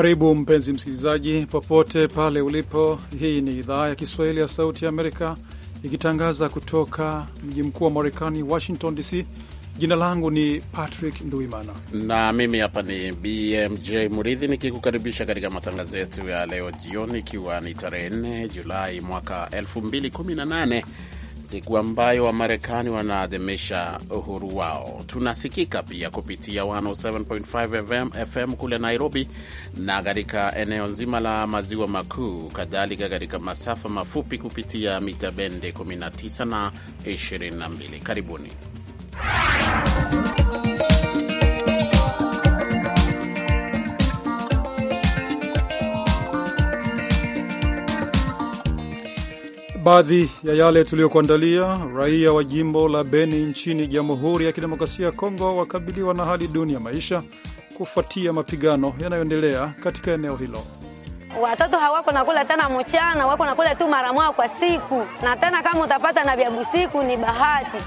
Karibu mpenzi msikilizaji, popote pale ulipo. Hii ni idhaa ya Kiswahili ya Sauti ya Amerika ikitangaza kutoka mji mkuu wa Marekani, Washington DC. Jina langu ni Patrick Nduimana na mimi hapa ni BMJ Muridhi nikikukaribisha katika matangazo yetu ya leo jioni, ikiwa ni tarehe 4 Julai mwaka 2018 siku ambayo Wamarekani wanaadhimisha uhuru wao. Tunasikika pia kupitia 107.5 FM kule Nairobi na katika eneo nzima la maziwa makuu, kadhalika katika masafa mafupi kupitia mita bende 19 na 22. Karibuni baadhi ya yale tuliyokuandalia. Raia wa jimbo la Beni nchini Jamhuri ya Kidemokrasia ya Kongo wakabiliwa na hali duni ya maisha kufuatia mapigano yanayoendelea katika eneo hilo. Watoto hawako nakula tena mchana, wako nakula tu mara moja kwa siku, na tena kama utapata na vyabusiku ni bahati.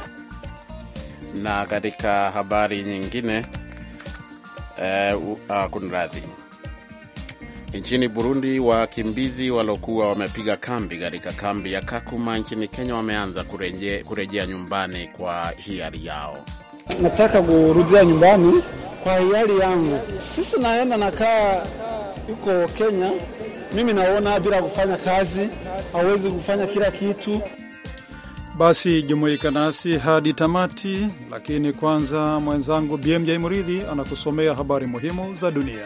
Na katika habari nyingine eh, uh, kunradhi Nchini Burundi, wakimbizi waliokuwa wamepiga kambi katika kambi ya Kakuma nchini Kenya wameanza kurejea kureje nyumbani kwa hiari yao. Nataka kurudia nyumbani kwa hiari yangu. Sisi naenda nakaa yuko Kenya, mimi naona bila kufanya kazi hawezi kufanya kila kitu. Basi jumuika nasi hadi tamati, lakini kwanza mwenzangu BMJ Muridhi anakusomea habari muhimu za dunia.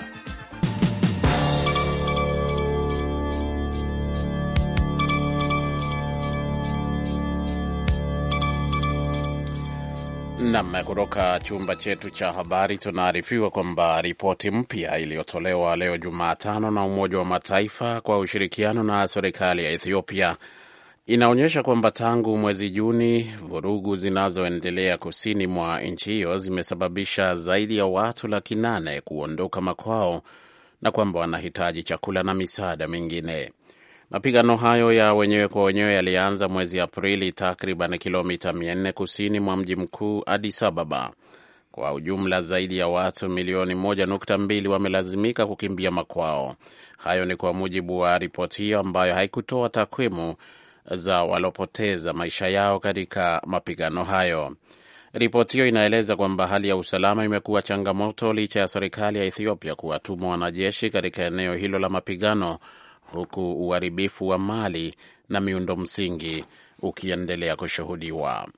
Nam, kutoka chumba chetu cha habari tunaarifiwa kwamba ripoti mpya iliyotolewa leo Jumatano na Umoja wa Mataifa kwa ushirikiano na serikali ya Ethiopia inaonyesha kwamba tangu mwezi Juni vurugu zinazoendelea kusini mwa nchi hiyo zimesababisha zaidi ya watu laki nane kuondoka makwao na kwamba wanahitaji chakula na misaada mingine. Mapigano hayo ya wenyewe kwa wenyewe yalianza mwezi Aprili, takriban kilomita 400 kusini mwa mji mkuu Addis Ababa. Kwa ujumla zaidi ya watu milioni 1.2 wamelazimika kukimbia makwao. Hayo ni kwa mujibu wa ripoti hiyo ambayo haikutoa takwimu za walopoteza maisha yao katika mapigano hayo. Ripoti hiyo inaeleza kwamba hali ya usalama imekuwa changamoto licha ya serikali ya Ethiopia kuwatuma wanajeshi katika eneo hilo la mapigano huku uharibifu wa mali na miundo msingi ukiendelea kushuhudiwa.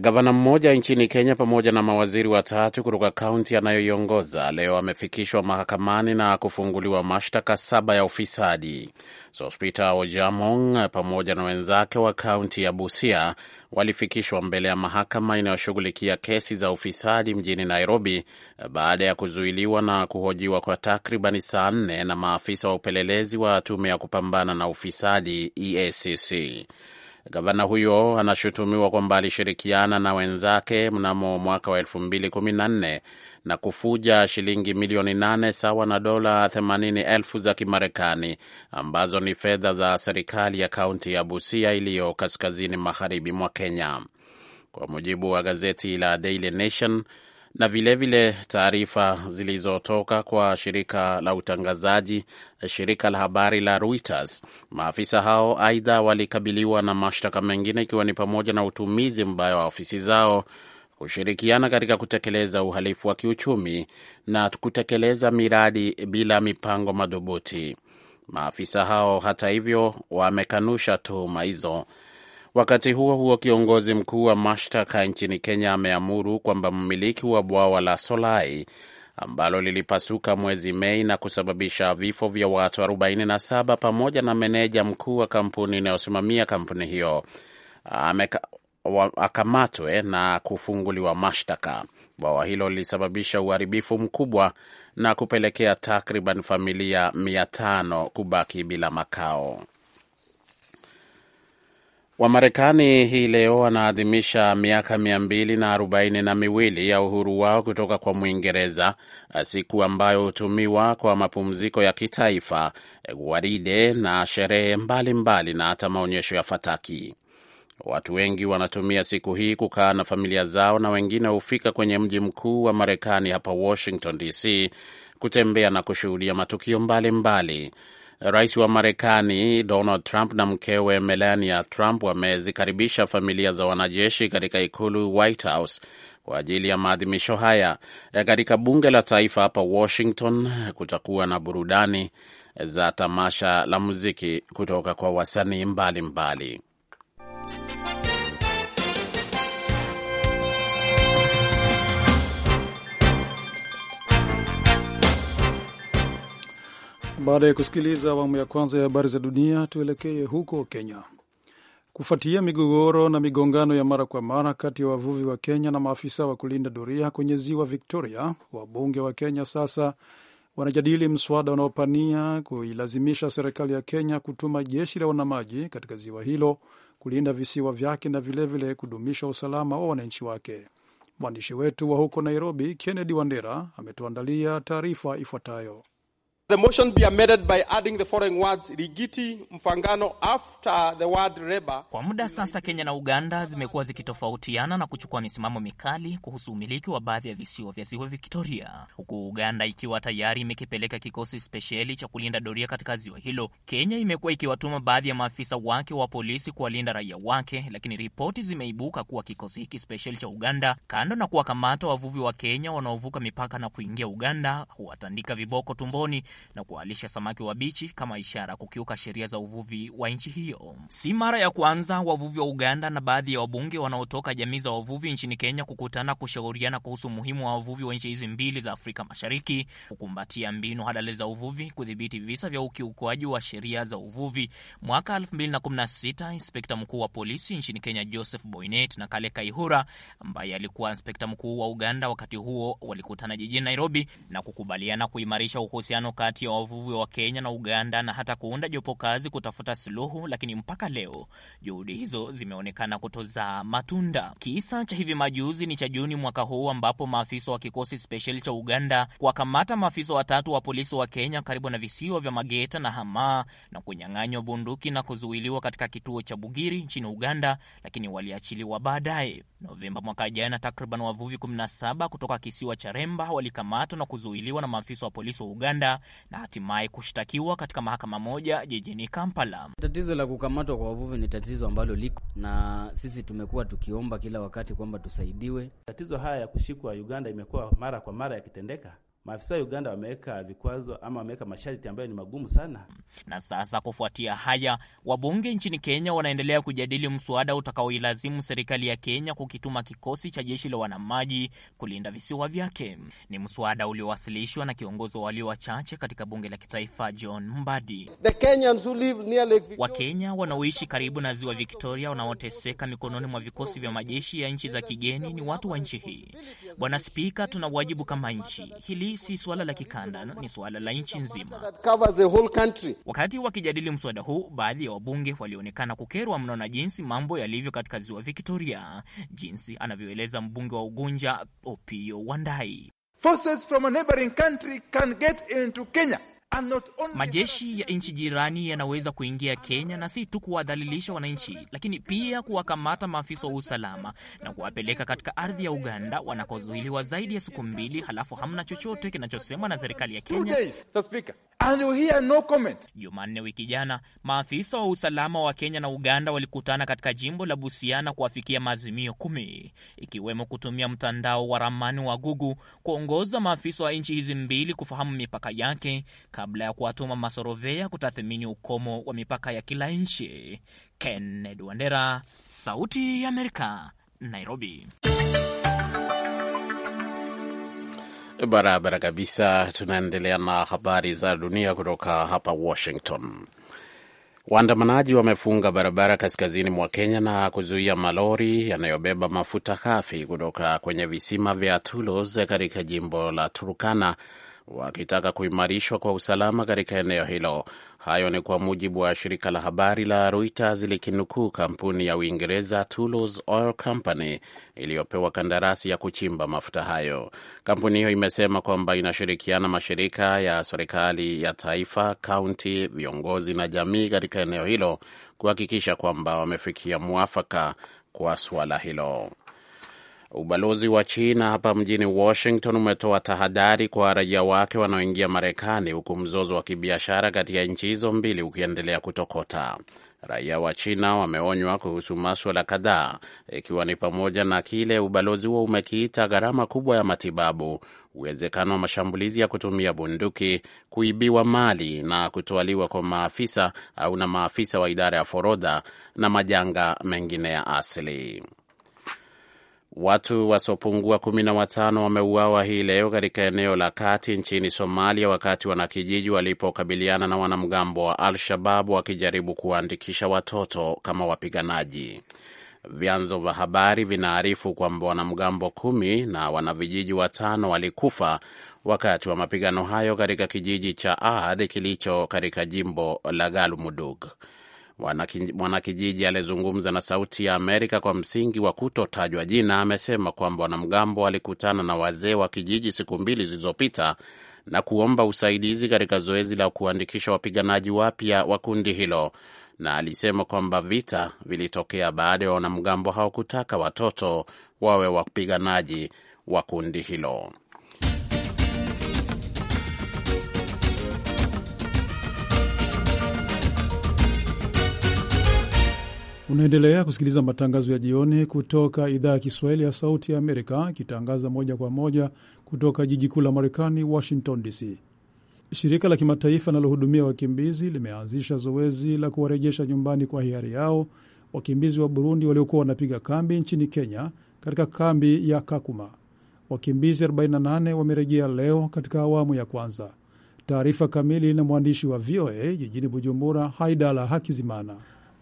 Gavana mmoja nchini Kenya pamoja na mawaziri watatu kutoka kaunti anayoiongoza leo amefikishwa mahakamani na kufunguliwa mashtaka saba ya ufisadi. Sospeter Ojamong pamoja na wenzake wa kaunti ya Busia walifikishwa mbele ya mahakama inayoshughulikia kesi za ufisadi mjini Nairobi baada ya kuzuiliwa na kuhojiwa kwa takribani saa nne na maafisa wa upelelezi wa tume ya kupambana na ufisadi EACC. Gavana huyo anashutumiwa kwamba alishirikiana na wenzake mnamo mwaka wa 2014 na kufuja shilingi milioni 8 sawa na dola 80 za Kimarekani, ambazo ni fedha za serikali ya kaunti ya Busia iliyo kaskazini magharibi mwa Kenya, kwa mujibu wa gazeti la Daily Nation na vilevile taarifa zilizotoka kwa shirika la utangazaji eh, shirika la habari la Reuters. Maafisa hao aidha walikabiliwa na mashtaka mengine ikiwa ni pamoja na utumizi mbaya wa ofisi zao kushirikiana katika kutekeleza uhalifu wa kiuchumi na kutekeleza miradi bila mipango madhubuti. Maafisa hao hata hivyo wamekanusha tuhuma hizo Wakati huo huo, kiongozi mkuu wa mashtaka nchini Kenya ameamuru kwamba mmiliki wa bwawa la Solai ambalo lilipasuka mwezi Mei na kusababisha vifo vya watu 47 pamoja na meneja mkuu wa kampuni inayosimamia kampuni hiyo akamatwe na kufunguliwa mashtaka. Bwawa hilo lilisababisha uharibifu mkubwa na kupelekea takriban familia 500 kubaki bila makao. Wamarekani hii leo wanaadhimisha miaka mia mbili na arobaini na miwili ya uhuru wao kutoka kwa Mwingereza, siku ambayo hutumiwa kwa mapumziko ya kitaifa, gwaride na sherehe mbalimbali na hata maonyesho ya fataki. Watu wengi wanatumia siku hii kukaa na familia zao na wengine hufika kwenye mji mkuu wa Marekani hapa Washington DC kutembea na kushuhudia matukio mbalimbali mbali. Rais wa Marekani Donald Trump na mkewe Melania Trump wamezikaribisha familia za wanajeshi katika ikulu White House kwa ajili ya maadhimisho haya. E, katika bunge la taifa hapa Washington kutakuwa na burudani za tamasha la muziki kutoka kwa wasanii mbalimbali. Baada ya kusikiliza awamu ya kwanza ya habari za dunia, tuelekee huko Kenya. Kufuatia migogoro na migongano ya mara kwa mara kati ya wavuvi wa Kenya na maafisa wa kulinda doria kwenye ziwa Victoria, wabunge wa Kenya sasa wanajadili mswada unaopania kuilazimisha serikali ya Kenya kutuma jeshi la wanamaji katika ziwa hilo kulinda visiwa vyake na vilevile kudumisha usalama wa wananchi wake. Mwandishi wetu wa huko Nairobi, Kennedy Wandera, ametuandalia taarifa ifuatayo. The motion be amended by adding the following words Rigiti Mfangano after the word Reba. Kwa muda sasa Kenya na Uganda zimekuwa zikitofautiana na kuchukua misimamo mikali kuhusu umiliki wa baadhi ya visiwa vya ziwa Victoria, huku Uganda ikiwa tayari imekipeleka kikosi spesheli cha kulinda doria katika ziwa hilo. Kenya imekuwa ikiwatuma baadhi ya maafisa wake wa polisi kuwalinda raia wake, lakini ripoti zimeibuka kuwa kikosi hiki spesheli cha Uganda, kando na kuwakamata wavuvi wa Kenya wanaovuka mipaka na kuingia Uganda, huwatandika viboko tumboni na kuwalisha samaki wabichi kama ishara kukiuka sheria za uvuvi wa nchi hiyo. Si mara ya kwanza wavuvi wa Uganda na baadhi ya wabunge wanaotoka jamii za wavuvi nchini Kenya kukutana kushauriana kuhusu umuhimu wa wavuvi wa nchi hizi mbili za Afrika Mashariki kukumbatia mbinu halali za uvuvi kudhibiti visa vya ukiukwaji wa sheria za uvuvi. Mwaka 2016 inspekta mkuu wa polisi nchini Kenya Joseph Boynet na Kale Kaihura ambaye alikuwa inspekta mkuu wa Uganda wakati huo walikutana jijini Nairobi na kukubaliana kuimarisha uhusiano kati ya wavuvi wa Kenya na Uganda na hata kuunda jopo kazi kutafuta suluhu, lakini mpaka leo juhudi hizo zimeonekana kutozaa matunda. Kisa cha hivi majuzi ni cha Juni mwaka huu ambapo maafisa wa kikosi spesheli cha Uganda kuwakamata maafisa watatu wa polisi wa Kenya karibu na visiwa vya Mageta na Hamaa na kunyang'anywa bunduki na kuzuiliwa katika kituo cha Bugiri nchini Uganda, lakini waliachiliwa baadaye. Novemba mwaka jana, takriban wavuvi 17 kutoka kisiwa cha Remba walikamatwa na kuzuiliwa na maafisa wa polisi wa Uganda na hatimaye kushtakiwa katika mahakama moja jijini Kampala. Tatizo la kukamatwa kwa wavuvi ni tatizo ambalo liko na sisi, tumekuwa tukiomba kila wakati kwamba tusaidiwe. Tatizo haya ya kushikwa Uganda imekuwa mara kwa mara yakitendeka maafisa wa Uganda wameweka vikwazo ama wameweka masharti ambayo ni magumu sana. Na sasa kufuatia haya, wabunge nchini Kenya wanaendelea kujadili mswada utakaoilazimu serikali ya Kenya kukituma kikosi cha jeshi la wanamaji kulinda visiwa vyake. Ni mswada uliowasilishwa na kiongozi wa walio wachache katika bunge la kitaifa John Mbadi. Wakenya wanaoishi karibu na ziwa Victoria wanaoteseka mikononi mwa vikosi vya majeshi ya nchi za kigeni ni watu wa nchi hii. Bwana Spika, tuna wajibu kama nchi hili si suala la kikanda, ni suala la nchi nzima. Wakati wakijadili mswada huu, baadhi ya wabunge walionekana kukerwa mno na jinsi mambo yalivyo katika ziwa Victoria, jinsi anavyoeleza mbunge wa Ugunja opio Wandai. Forces from a neighboring country can get into Kenya Majeshi ya nchi jirani yanaweza kuingia Kenya na si tu kuwadhalilisha wananchi, lakini pia kuwakamata maafisa wa usalama na kuwapeleka katika ardhi ya Uganda wanakozuiliwa zaidi ya siku mbili, halafu hamna chochote kinachosemwa na serikali ya Kenya no Jumanne wiki jana, maafisa wa usalama wa Kenya na Uganda walikutana katika jimbo la Busiana kuafikia maazimio kumi, ikiwemo kutumia mtandao wa ramani wa Google kuongoza maafisa wa nchi hizi mbili kufahamu mipaka yake kabla ya kuwatuma masorovea kutathimini ukomo wa mipaka ya kila nchi. kenned Wandera, Sauti ya Amerika, Nairobi. Barabara kabisa. Tunaendelea na habari za dunia kutoka hapa Washington. Waandamanaji wamefunga barabara kaskazini mwa Kenya na kuzuia malori yanayobeba mafuta ghafi kutoka kwenye visima vya Tulos katika jimbo la Turkana wakitaka kuimarishwa kwa usalama katika eneo hilo. Hayo ni kwa mujibu wa shirika la habari la Reuters likinukuu kampuni ya Uingereza Tullows Oil Company iliyopewa kandarasi ya kuchimba mafuta hayo. Kampuni hiyo imesema kwamba inashirikiana mashirika ya serikali ya taifa, kaunti, viongozi na jamii katika eneo hilo kuhakikisha kwamba wamefikia mwafaka kwa suala hilo. Ubalozi wa China hapa mjini Washington umetoa tahadhari kwa raia wake wanaoingia Marekani, huku mzozo wa kibiashara kati ya nchi hizo mbili ukiendelea kutokota. Raia wa China wameonywa kuhusu maswala kadhaa, ikiwa ni pamoja na kile ubalozi huo umekiita gharama kubwa ya matibabu, uwezekano wa mashambulizi ya kutumia bunduki, kuibiwa mali na kutwaliwa kwa maafisa au na maafisa wa idara ya forodha na majanga mengine ya asili. Watu wasiopungua kumi na watano wameuawa hii leo katika eneo la kati nchini Somalia wakati wanakijiji walipokabiliana na wanamgambo wa Al-Shabab wakijaribu kuwaandikisha watoto kama wapiganaji. Vyanzo vya habari vinaarifu kwamba wanamgambo kumi na wanavijiji watano walikufa wakati wa mapigano hayo katika kijiji cha Ahad kilicho katika jimbo la Galmudug. Mwanakijiji aliyezungumza na Sauti ya Amerika kwa msingi wa kutotajwa jina amesema kwamba wanamgambo walikutana na wazee wa kijiji siku mbili zilizopita na kuomba usaidizi katika zoezi la kuandikisha wapiganaji wapya wa kundi hilo, na alisema kwamba vita vilitokea baada ya wanamgambo hao kutaka watoto wawe wapiganaji wa kundi hilo. Unaendelea kusikiliza matangazo ya jioni kutoka idhaa ya Kiswahili ya Sauti ya Amerika, ikitangaza moja kwa moja kutoka jiji kuu la Marekani, Washington DC. Shirika la kimataifa linalohudumia wakimbizi limeanzisha zoezi la kuwarejesha nyumbani kwa hiari yao wakimbizi wa Burundi waliokuwa wanapiga kambi nchini Kenya, katika kambi ya Kakuma. Wakimbizi 48 wamerejea leo katika awamu ya kwanza. Taarifa kamili na mwandishi wa VOA jijini Bujumbura, Haidala Hakizimana.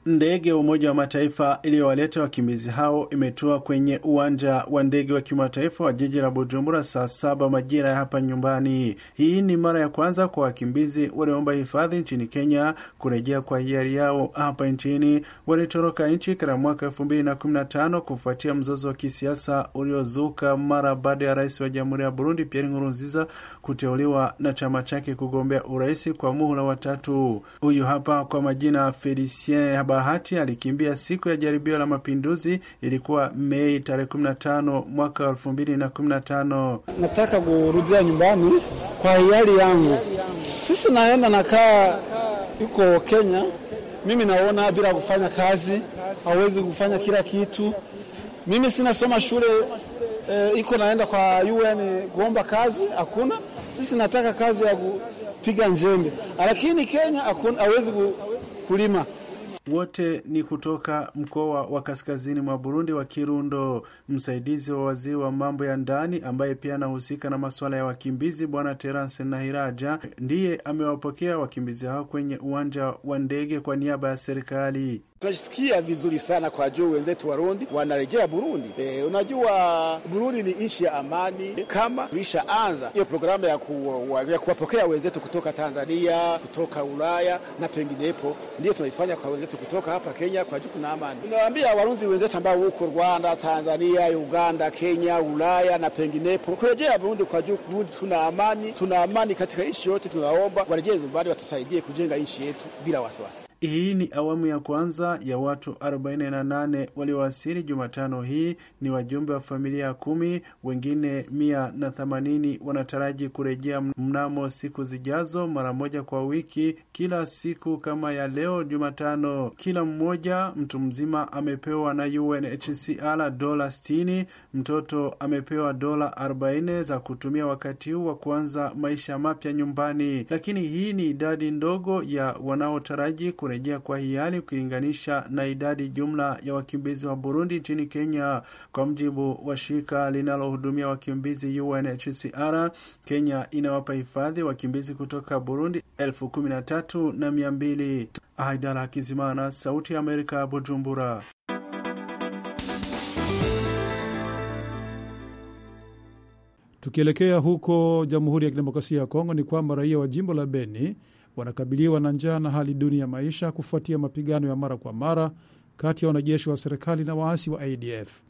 Ndege ya Umoja wa Mataifa iliyowaleta wakimbizi hao imetua kwenye uwanja wa ndege wa kimataifa wa jiji la Bujumbura saa saba majira ya hapa nyumbani. Hii ni mara ya kwanza kwa wakimbizi walioomba hifadhi nchini Kenya kurejea kwa hiari yao hapa nchini. Walitoroka nchi katika mwaka elfu mbili na kumi na tano kufuatia mzozo wa kisiasa uliozuka mara baada ya rais wa jamhuri ya Burundi Pierre Nkurunziza kuteuliwa na chama chake kugombea urais kwa muhula watatu. Huyu hapa kwa majina Felicien bahati alikimbia siku ya jaribio la mapinduzi, ilikuwa Mei tarehe 15 mwaka 2015. Nataka kurudia nyumbani kwa hiari yangu. Sisi naenda nakaa yuko Kenya, mimi naona bila kufanya kazi hawezi kufanya kila kitu. Mimi sinasoma shule e, iko naenda kwa UN kuomba kazi, hakuna. Sisi nataka kazi ya kupiga njembe, lakini Kenya hawezi kulima wote ni kutoka mkoa wa kaskazini mwa Burundi wa Kirundo. Msaidizi wa waziri wa mambo ya ndani ambaye pia anahusika na masuala ya wakimbizi, Bwana Terence Nahiraja, ndiye amewapokea wakimbizi hao kwenye uwanja wa ndege kwa niaba ya serikali. Tunajisikia vizuri sana kwa juu wenzetu Warundi wanarejea Burundi. E, unajua Burundi ni nchi ya amani. Kama tulishaanza hiyo programu ya, ku, ya kuwapokea wenzetu kutoka Tanzania, kutoka Ulaya na penginepo, ndiyo tunaifanya kwa wenzetu kutoka hapa Kenya. Kwa juu kuna amani, tunawaambia Warundi wenzetu ambao huko Rwanda, Tanzania, Uganda, Kenya, Ulaya na penginepo kurejea Burundi kwa juu. Burundi tuna amani, tuna amani katika nchi yote. Tunaomba warejee nyumbani, watusaidie kujenga nchi yetu bila wasiwasi. Hii ni awamu ya kwanza ya watu 48 waliowasili Jumatano hii ni wajumbe wa familia kumi. Wengine 180 wanataraji kurejea mnamo siku zijazo, mara moja kwa wiki, kila siku kama ya leo Jumatano. Kila mmoja mtu mzima amepewa na UNHCR dola 60, mtoto amepewa dola 40 za kutumia wakati huu wa kuanza maisha mapya nyumbani, lakini hii ni idadi ndogo ya wanaotaraji kurejea kwa hiari ukilinganisha kujihusisha na idadi jumla ya wakimbizi wa Burundi nchini Kenya. Kwa mjibu wa shirika linalohudumia wakimbizi UNHCR, Kenya inawapa hifadhi wakimbizi kutoka Burundi elfu kumi na tatu na mia mbili. Haidara Sauti ya Amerika, Bujumbura. Tukielekea huko Jamhuri ya Kidemokrasia ya Kongo, ni kwamba raia wa jimbo la Beni wanakabiliwa na njaa na hali duni ya maisha kufuatia mapigano ya mara kwa mara kati ya wanajeshi wa serikali na waasi wa ADF.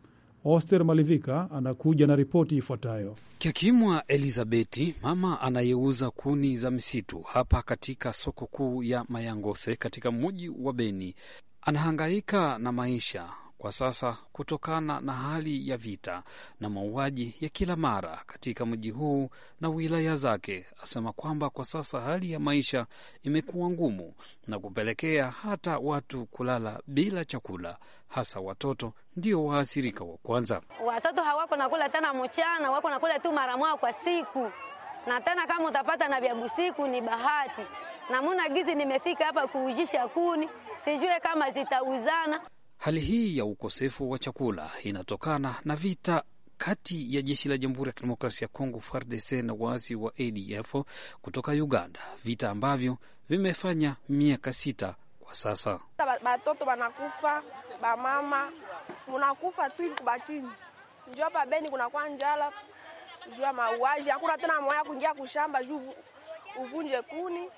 Oster Malivika anakuja na ripoti ifuatayo. Kiakimwa Elizabeti, mama anayeuza kuni za misitu hapa katika soko kuu ya Mayangose katika mji wa Beni, anahangaika na maisha kwa sasa kutokana na hali ya vita na mauaji ya kila mara katika mji huu na wilaya zake, asema kwamba kwa sasa hali ya maisha imekuwa ngumu na kupelekea hata watu kulala bila chakula, hasa watoto ndio waathirika wa kwanza. Watoto hawako nakula tena mchana, wako nakula tu mara moja kwa siku na tena kama utapata na vya busiku ni bahati. Namuna gizi nimefika hapa kuujisha kuni, sijue kama zitauzana. Hali hii ya ukosefu wa chakula inatokana na vita kati ya jeshi la Jamhuri ya Kidemokrasia ya Kongo FARDC na waasi wa ADF kutoka Uganda, vita ambavyo vimefanya miaka sita kwa sasa. Batoto banakufa, bamama unakufa tu kubachini njua pabeni, kunakwa njala juu ya mauaji, hakuna tena moya kuingia kushamba juu uvunje kuni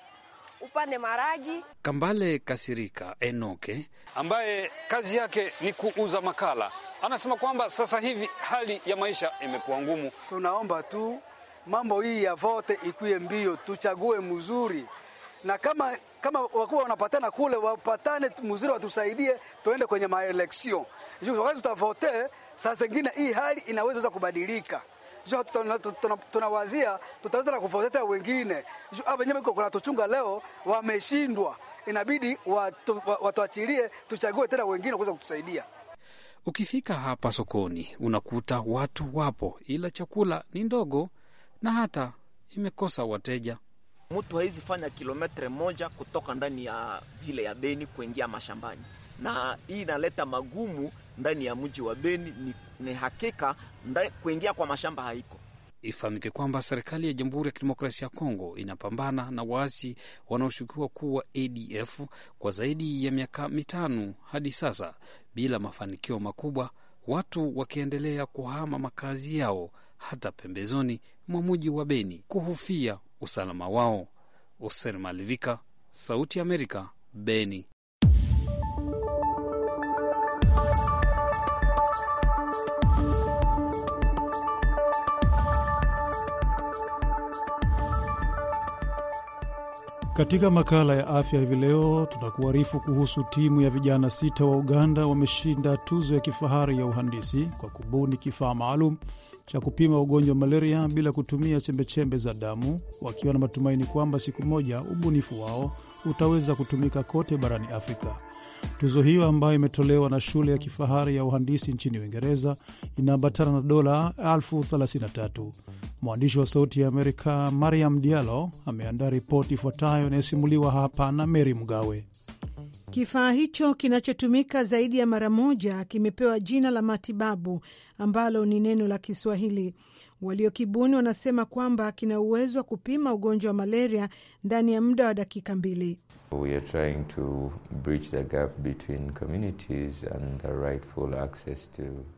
upande maragi. Kambale Kasirika Enoke ambaye kazi yake ni kuuza makala anasema kwamba sasa hivi hali ya maisha imekuwa ngumu. Tunaomba tu mambo hii ya vote ikuye mbio, tuchague mzuri na kama kama wakuwa wanapatana kule wapatane mzuri, watusaidie tuende kwenye maeleksio, wakati tutavote. Saa zingine hii hali inaweza kubadilika jo tunawazia tutaweza na kufuatia wengine hapa wenyewe kuna tuchunga leo wameshindwa, inabidi watuachilie watu tuchague tena wengine kuweza kutusaidia. Ukifika hapa sokoni unakuta watu wapo, ila chakula ni ndogo na hata imekosa wateja. Mtu hawezi fanya kilometre moja kutoka ndani ya vile ya Beni kuingia mashambani na hii inaleta magumu ndani ya mji wa Beni. Ni, ni hakika kuingia kwa mashamba haiko. Ifahamike kwamba serikali ya Jamhuri ya Kidemokrasia ya Kongo inapambana na waasi wanaoshukiwa kuwa ADF kwa zaidi ya miaka mitano hadi sasa bila mafanikio makubwa, watu wakiendelea kuhama makazi yao hata pembezoni mwa muji wa Beni kuhofia usalama wao. Oser Malivika, Sauti ya Amerika, Beni. Katika makala ya afya hivi leo tunakuarifu kuhusu timu ya vijana sita wa Uganda wameshinda tuzo ya kifahari ya uhandisi kwa kubuni kifaa maalum cha kupima ugonjwa wa malaria bila kutumia chembechembe za damu, wakiwa na matumaini kwamba siku moja ubunifu wao utaweza kutumika kote barani Afrika. Tuzo hiyo ambayo imetolewa na shule ya kifahari ya uhandisi nchini Uingereza inaambatana na dola elfu 33. Mwandishi wa Sauti ya Amerika Mariam Diallo ameandaa ripoti ifuatayo inayosimuliwa hapa na mary Mgawe. Kifaa hicho kinachotumika zaidi ya mara moja kimepewa jina la matibabu ambalo ni neno la Kiswahili Waliokibuni wanasema kwamba kina uwezo wa kupima ugonjwa wa malaria ndani ya muda wa dakika mbili.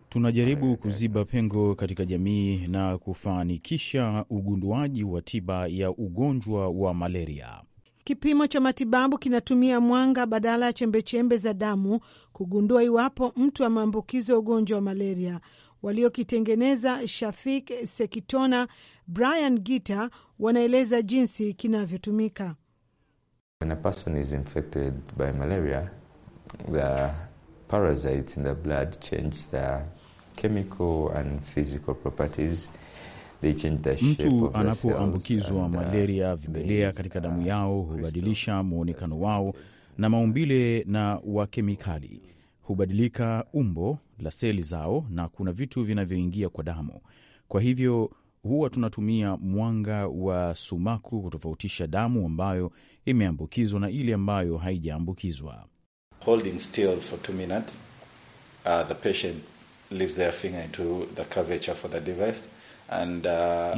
Tunajaribu kuziba pengo katika jamii na kufanikisha ugunduaji wa tiba ya ugonjwa wa malaria. Kipimo cha matibabu kinatumia mwanga badala ya chembechembe za damu kugundua iwapo mtu ameambukizwa ugonjwa wa malaria. Waliokitengeneza Shafik Sekitona, Brian Gita wanaeleza jinsi kinavyotumika. Mtu anapoambukizwa uh, malaria, vimelea katika damu yao uh, hubadilisha mwonekano wao na maumbile na wa kemikali hubadilika umbo la seli zao na kuna vitu vinavyoingia kwa damu. Kwa hivyo huwa tunatumia mwanga wa sumaku kutofautisha damu ambayo imeambukizwa na ile ambayo haijaambukizwa. Uh,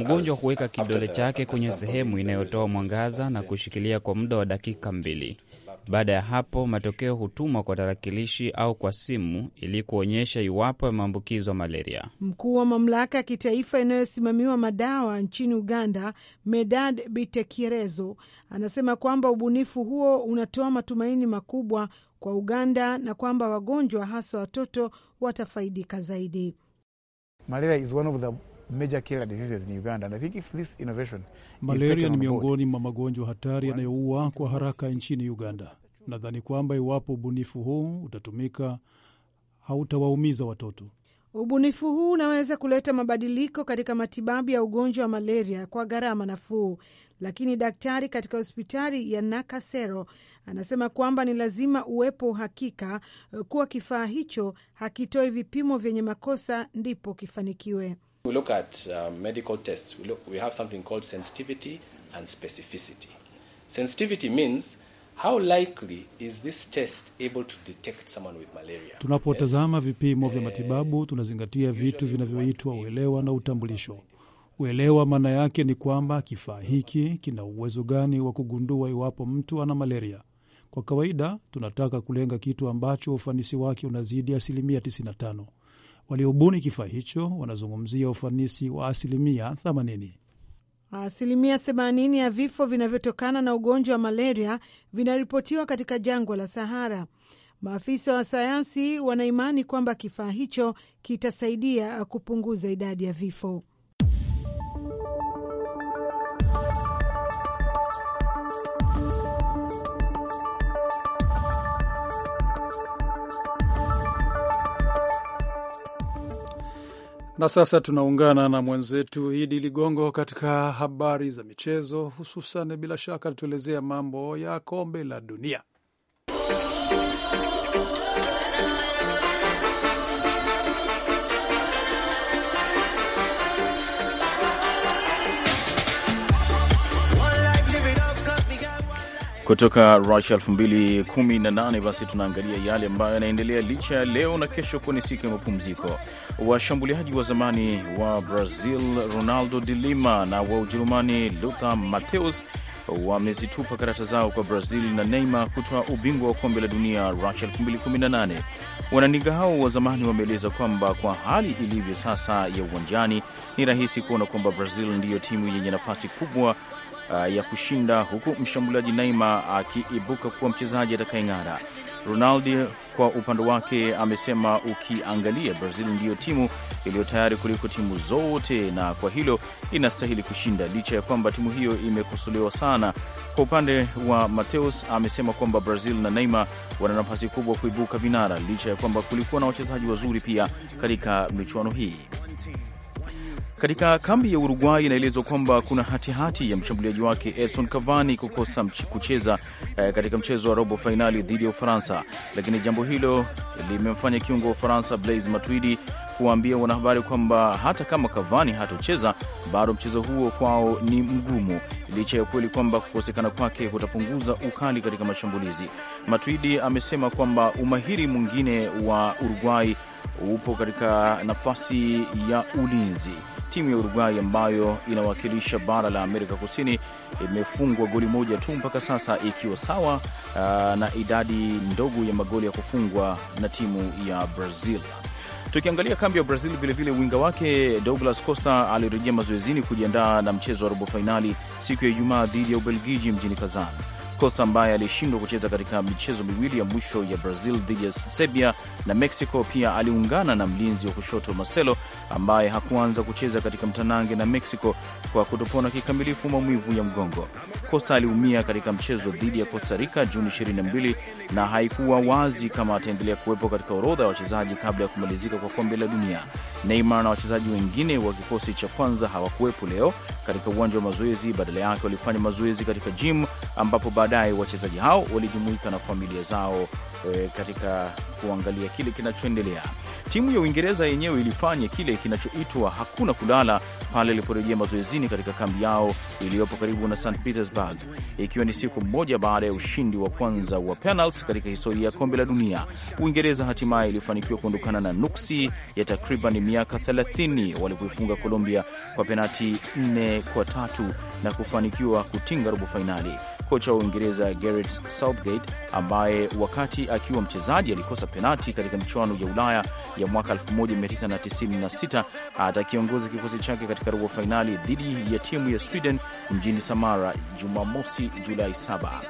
uh, mgonjwa huweka kidole chake kwenye sehemu inayotoa mwangaza na kushikilia kwa muda wa dakika mbili. Baada ya hapo, matokeo hutumwa kwa tarakilishi au kwa simu ili kuonyesha iwapo yameambukizwa malaria. Mkuu wa mamlaka ya kitaifa inayosimamiwa madawa nchini Uganda, Medad Bitekirezo, anasema kwamba ubunifu huo unatoa matumaini makubwa kwa Uganda na kwamba wagonjwa hasa watoto watafaidika zaidi. Malaria is one of the major killer diseases in Uganda. And I think if this innovation malaria ni miongoni mwa magonjwa hatari yanayoua kwa haraka nchini Uganda. Nadhani kwamba iwapo ubunifu huu utatumika, hautawaumiza watoto. Ubunifu huu unaweza kuleta mabadiliko katika matibabu ya ugonjwa wa malaria kwa gharama nafuu, lakini daktari katika hospitali ya Nakasero anasema kwamba ni lazima uwepo uhakika eh, kuwa kifaa hicho hakitoi vipimo vyenye makosa ndipo kifanikiwe. We look at uh, medical tests. We, look, we have something called sensitivity and specificity. Sensitivity means how likely is this test able to detect someone with malaria? Tunapotazama yes, vipimo vya eh, matibabu tunazingatia vitu vinavyoitwa uelewa na utambulisho. Uelewa maana yake ni kwamba kifaa hiki kina uwezo gani wa kugundua iwapo mtu ana malaria. Kwa kawaida tunataka kulenga kitu ambacho ufanisi wake unazidi asilimia 95 waliobuni kifaa hicho wanazungumzia ufanisi wa asilimia 80. Asilimia 80 ya vifo vinavyotokana na ugonjwa wa malaria vinaripotiwa katika jangwa la Sahara. Maafisa wa sayansi wanaimani kwamba kifaa hicho kitasaidia kupunguza idadi ya vifo. Na sasa tunaungana na mwenzetu Idi Ligongo katika habari za michezo, hususan bila shaka tutuelezea mambo ya kombe la dunia. kutoka rusia 2018. Basi tunaangalia yale ambayo yanaendelea licha ya leo na kesho kuwa ni siku ya mapumziko. Washambuliaji wa zamani wa Brazil Ronaldo de Lima na wa Ujerumani Lothar Matthäus wamezitupa karata zao kwa Brazil na Neymar kutoa ubingwa wa kombe la dunia Russia 2018. Wananiga hao wa zamani wameeleza kwamba kwa hali ilivyo sasa ya uwanjani, ni rahisi kuona kwamba Brazil ndiyo timu yenye nafasi kubwa Uh, ya kushinda, huku mshambuliaji Neymar akiibuka kuwa mchezaji atakayeng'ara. Ronaldo kwa upande wake amesema, ukiangalia Brazil ndiyo timu iliyo tayari kuliko timu zote, na kwa hilo inastahili kushinda, licha ya kwamba timu hiyo imekosolewa sana. Kwa upande wa Mateus amesema kwamba Brazil na Neymar wana nafasi kubwa kuibuka vinara, licha ya kwamba kulikuwa na wachezaji wazuri pia katika michuano hii katika kambi ya Uruguay. Inaelezwa kwamba kuna hatihati hati ya mshambuliaji wake Edson Cavani kukosa mch kucheza eh, katika mchezo wa robo fainali dhidi ya Ufaransa, lakini jambo hilo limemfanya kiungo wa Ufaransa Blaise Matuidi kuwaambia wanahabari kwamba hata kama Cavani hatocheza bado mchezo huo kwao ni mgumu, licha ya ukweli kwamba kukosekana kwake kutapunguza ukali katika mashambulizi. Matuidi amesema kwamba umahiri mwingine wa Uruguay upo katika nafasi ya ulinzi timu ya Uruguay ambayo inawakilisha bara la Amerika Kusini imefungwa goli moja tu mpaka sasa, ikiwa sawa uh, na idadi ndogo ya magoli ya kufungwa na timu ya Brazil. Tukiangalia kambi ya Brazil vilevile, winga wake Douglas Costa alirejea mazoezini kujiandaa na mchezo wa robo fainali siku ya Ijumaa dhidi ya Ubelgiji mjini Kazan. Costa ambaye alishindwa kucheza katika michezo miwili ya mwisho ya Brazil dhidi ya Serbia na Mexico. Pia aliungana na mlinzi wa kushoto Marcelo ambaye hakuanza kucheza katika mtanange na Mexico kwa kutopona kikamilifu maumivu ya mgongo. Costa aliumia katika mchezo dhidi ya Costa Rica Juni 22 na haikuwa wazi kama ataendelea kuwepo katika orodha ya wachezaji kabla ya kumalizika kwa kombe la dunia. Neymar na wachezaji wengine wa kikosi cha kwanza hawakuwepo leo katika uwanja wa mazoezi, badala yake walifanya mazoezi katika gym, ambapo baadaye wachezaji hao walijumuika na familia zao e, katika kuangalia kile kinachoendelea. Timu ya Uingereza yenyewe ilifanya kile kinachoitwa hakuna kulala pale iliporejea mazoezini katika kambi yao iliyopo karibu na St Petersburg, ikiwa ni siku moja baada ya ushindi wa kwanza wa penalti katika historia ya kombe la dunia. Uingereza hatimaye ilifanikiwa kuondokana na nuksi ya takriban miaka 30 walipoifunga Colombia kwa penati 4 kwa tatu na kufanikiwa kutinga robo fainali. Kocha wa Uingereza Gareth Southgate ambaye wakati akiwa mchezaji alikosa penati katika michuano ya Ulaya ya mwaka 1996 atakiongoza kikosi chake katika robo fainali dhidi ya timu ya Sweden mjini Samara Jumamosi, Julai 7.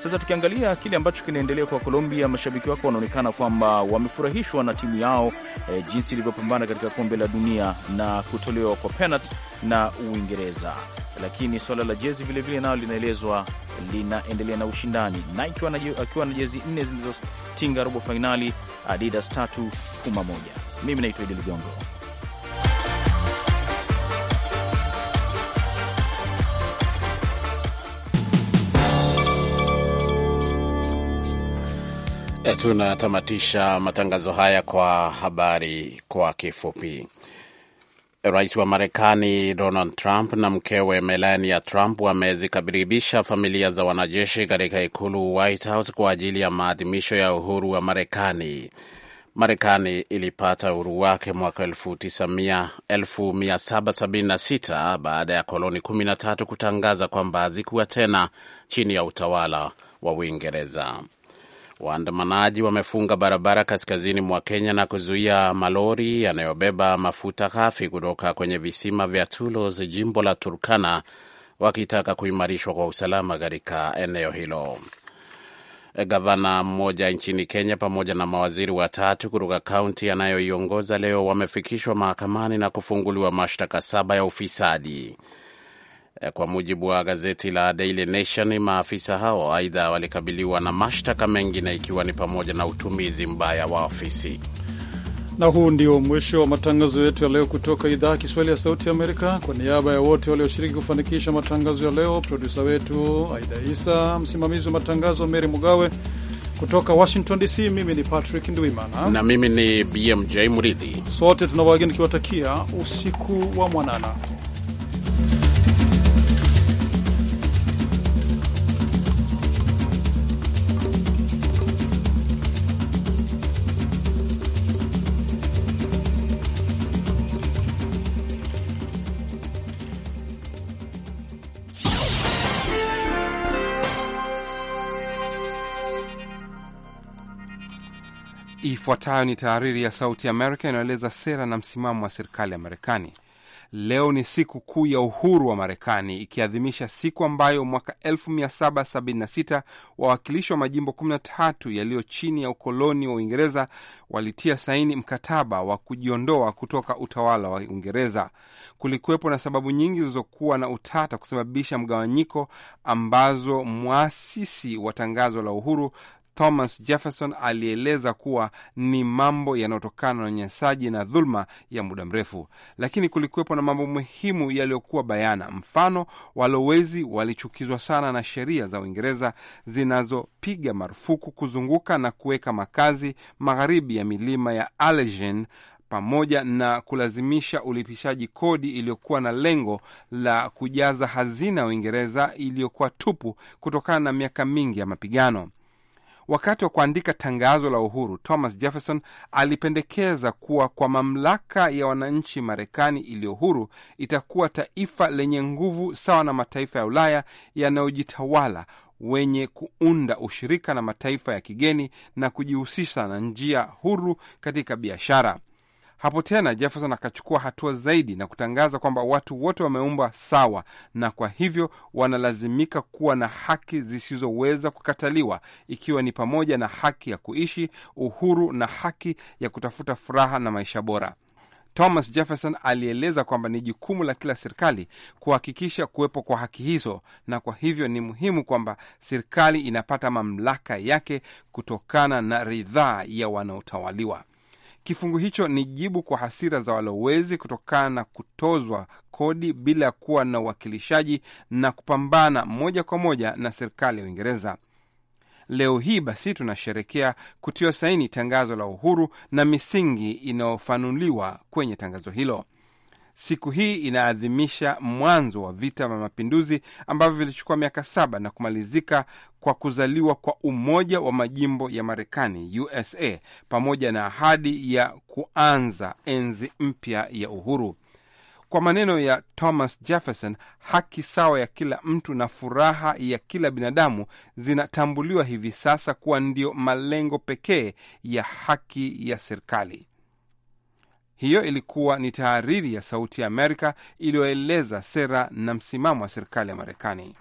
Sasa tukiangalia kile ambacho kinaendelea kwa Colombia, mashabiki wako wanaonekana kwamba wamefurahishwa na timu yao e, jinsi ilivyopambana katika kombe la dunia na kutolewa kwa penalti na Uingereza, lakini swala la jezi vilevile nalo linaelezwa linaendelea na ushindani, Nike akiwa na jezi nne zilizotinga robo fainali, Adidas tatu, Puma moja. Mimi naitwa Idi Ligongo. E, tunatamatisha matangazo haya kwa habari kwa kifupi. Rais wa Marekani Donald Trump na mkewe Melania Trump wamezikaribisha familia za wanajeshi katika ikulu White House kwa ajili ya maadhimisho ya uhuru wa Marekani. Marekani ilipata uhuru wake mwaka 1776 baada ya koloni 13 kutangaza kwamba hazikuwa tena chini ya utawala wa Uingereza. Waandamanaji wamefunga barabara kaskazini mwa Kenya na kuzuia malori yanayobeba mafuta ghafi kutoka kwenye visima vya Tulos, jimbo la Turkana, wakitaka kuimarishwa kwa usalama katika eneo hilo. Gavana mmoja nchini Kenya pamoja na mawaziri watatu kutoka kaunti anayoiongoza leo wamefikishwa mahakamani na kufunguliwa mashtaka saba ya ufisadi. Eh, kwa mujibu wa gazeti la Daily Nation, maafisa hao aidha walikabiliwa na mashtaka mengine ikiwa ni pamoja na utumizi mbaya wa ofisi. Na huu ndio mwisho wa matangazo yetu ya leo kutoka idhaa ya Kiswahili ya Sauti ya Amerika. Kwa niaba ya wote walioshiriki kufanikisha matangazo ya leo, produsa wetu Aida Isa, msimamizi wa matangazo Mary Mugawe kutoka Washington DC, mimi ni Patrick Ndwimana na mimi ni BMJ Muridhi, sote tunawageni nikiwatakia usiku wa mwanana. Ifuatayo ni tahariri ya Sauti Amerika inayoeleza sera na msimamo wa serikali ya Marekani. Leo ni siku kuu ya uhuru wa Marekani, ikiadhimisha siku ambayo mwaka 1776 wawakilishi wa majimbo 13 yaliyo chini ya ukoloni wa Uingereza walitia saini mkataba wa kujiondoa kutoka utawala wa Uingereza. Kulikuwepo na sababu nyingi zilizokuwa na utata kusababisha mgawanyiko, ambazo mwasisi wa tangazo la uhuru Thomas Jefferson alieleza kuwa ni mambo yanayotokana na unyanyasaji na dhuluma ya muda mrefu, lakini kulikuwepo na mambo muhimu yaliyokuwa bayana. Mfano, walowezi walichukizwa sana na sheria za Uingereza zinazopiga marufuku kuzunguka na kuweka makazi magharibi ya milima ya Allegheny pamoja na kulazimisha ulipishaji kodi iliyokuwa na lengo la kujaza hazina ya Uingereza iliyokuwa tupu kutokana na miaka mingi ya mapigano. Wakati wa kuandika tangazo la uhuru, Thomas Jefferson alipendekeza kuwa kwa mamlaka ya wananchi, Marekani iliyo huru itakuwa taifa lenye nguvu sawa na mataifa ya Ulaya yanayojitawala wenye kuunda ushirika na mataifa ya kigeni na kujihusisha na njia huru katika biashara. Hapo tena Jefferson akachukua hatua zaidi na kutangaza kwamba watu wote wameumbwa sawa na kwa hivyo wanalazimika kuwa na haki zisizoweza kukataliwa, ikiwa ni pamoja na haki ya kuishi, uhuru na haki ya kutafuta furaha na maisha bora. Thomas Jefferson alieleza kwamba ni jukumu la kila serikali kuhakikisha kuwepo kwa haki hizo, na kwa hivyo ni muhimu kwamba serikali inapata mamlaka yake kutokana na ridhaa ya wanaotawaliwa. Kifungu hicho ni jibu kwa hasira za walowezi kutokana na kutozwa kodi bila ya kuwa na uwakilishaji na kupambana moja kwa moja na serikali ya Uingereza. Leo hii basi tunasherekea kutiwa saini tangazo la uhuru na misingi inayofanuliwa kwenye tangazo hilo. Siku hii inaadhimisha mwanzo wa vita vya mapinduzi ambavyo vilichukua miaka saba na kumalizika kwa kuzaliwa kwa umoja wa majimbo ya Marekani, USA, pamoja na ahadi ya kuanza enzi mpya ya uhuru. Kwa maneno ya Thomas Jefferson, haki sawa ya kila mtu na furaha ya kila binadamu zinatambuliwa hivi sasa kuwa ndio malengo pekee ya haki ya serikali. Hiyo ilikuwa ni tahariri ya Sauti ya Amerika iliyoeleza sera na msimamo wa serikali ya Marekani.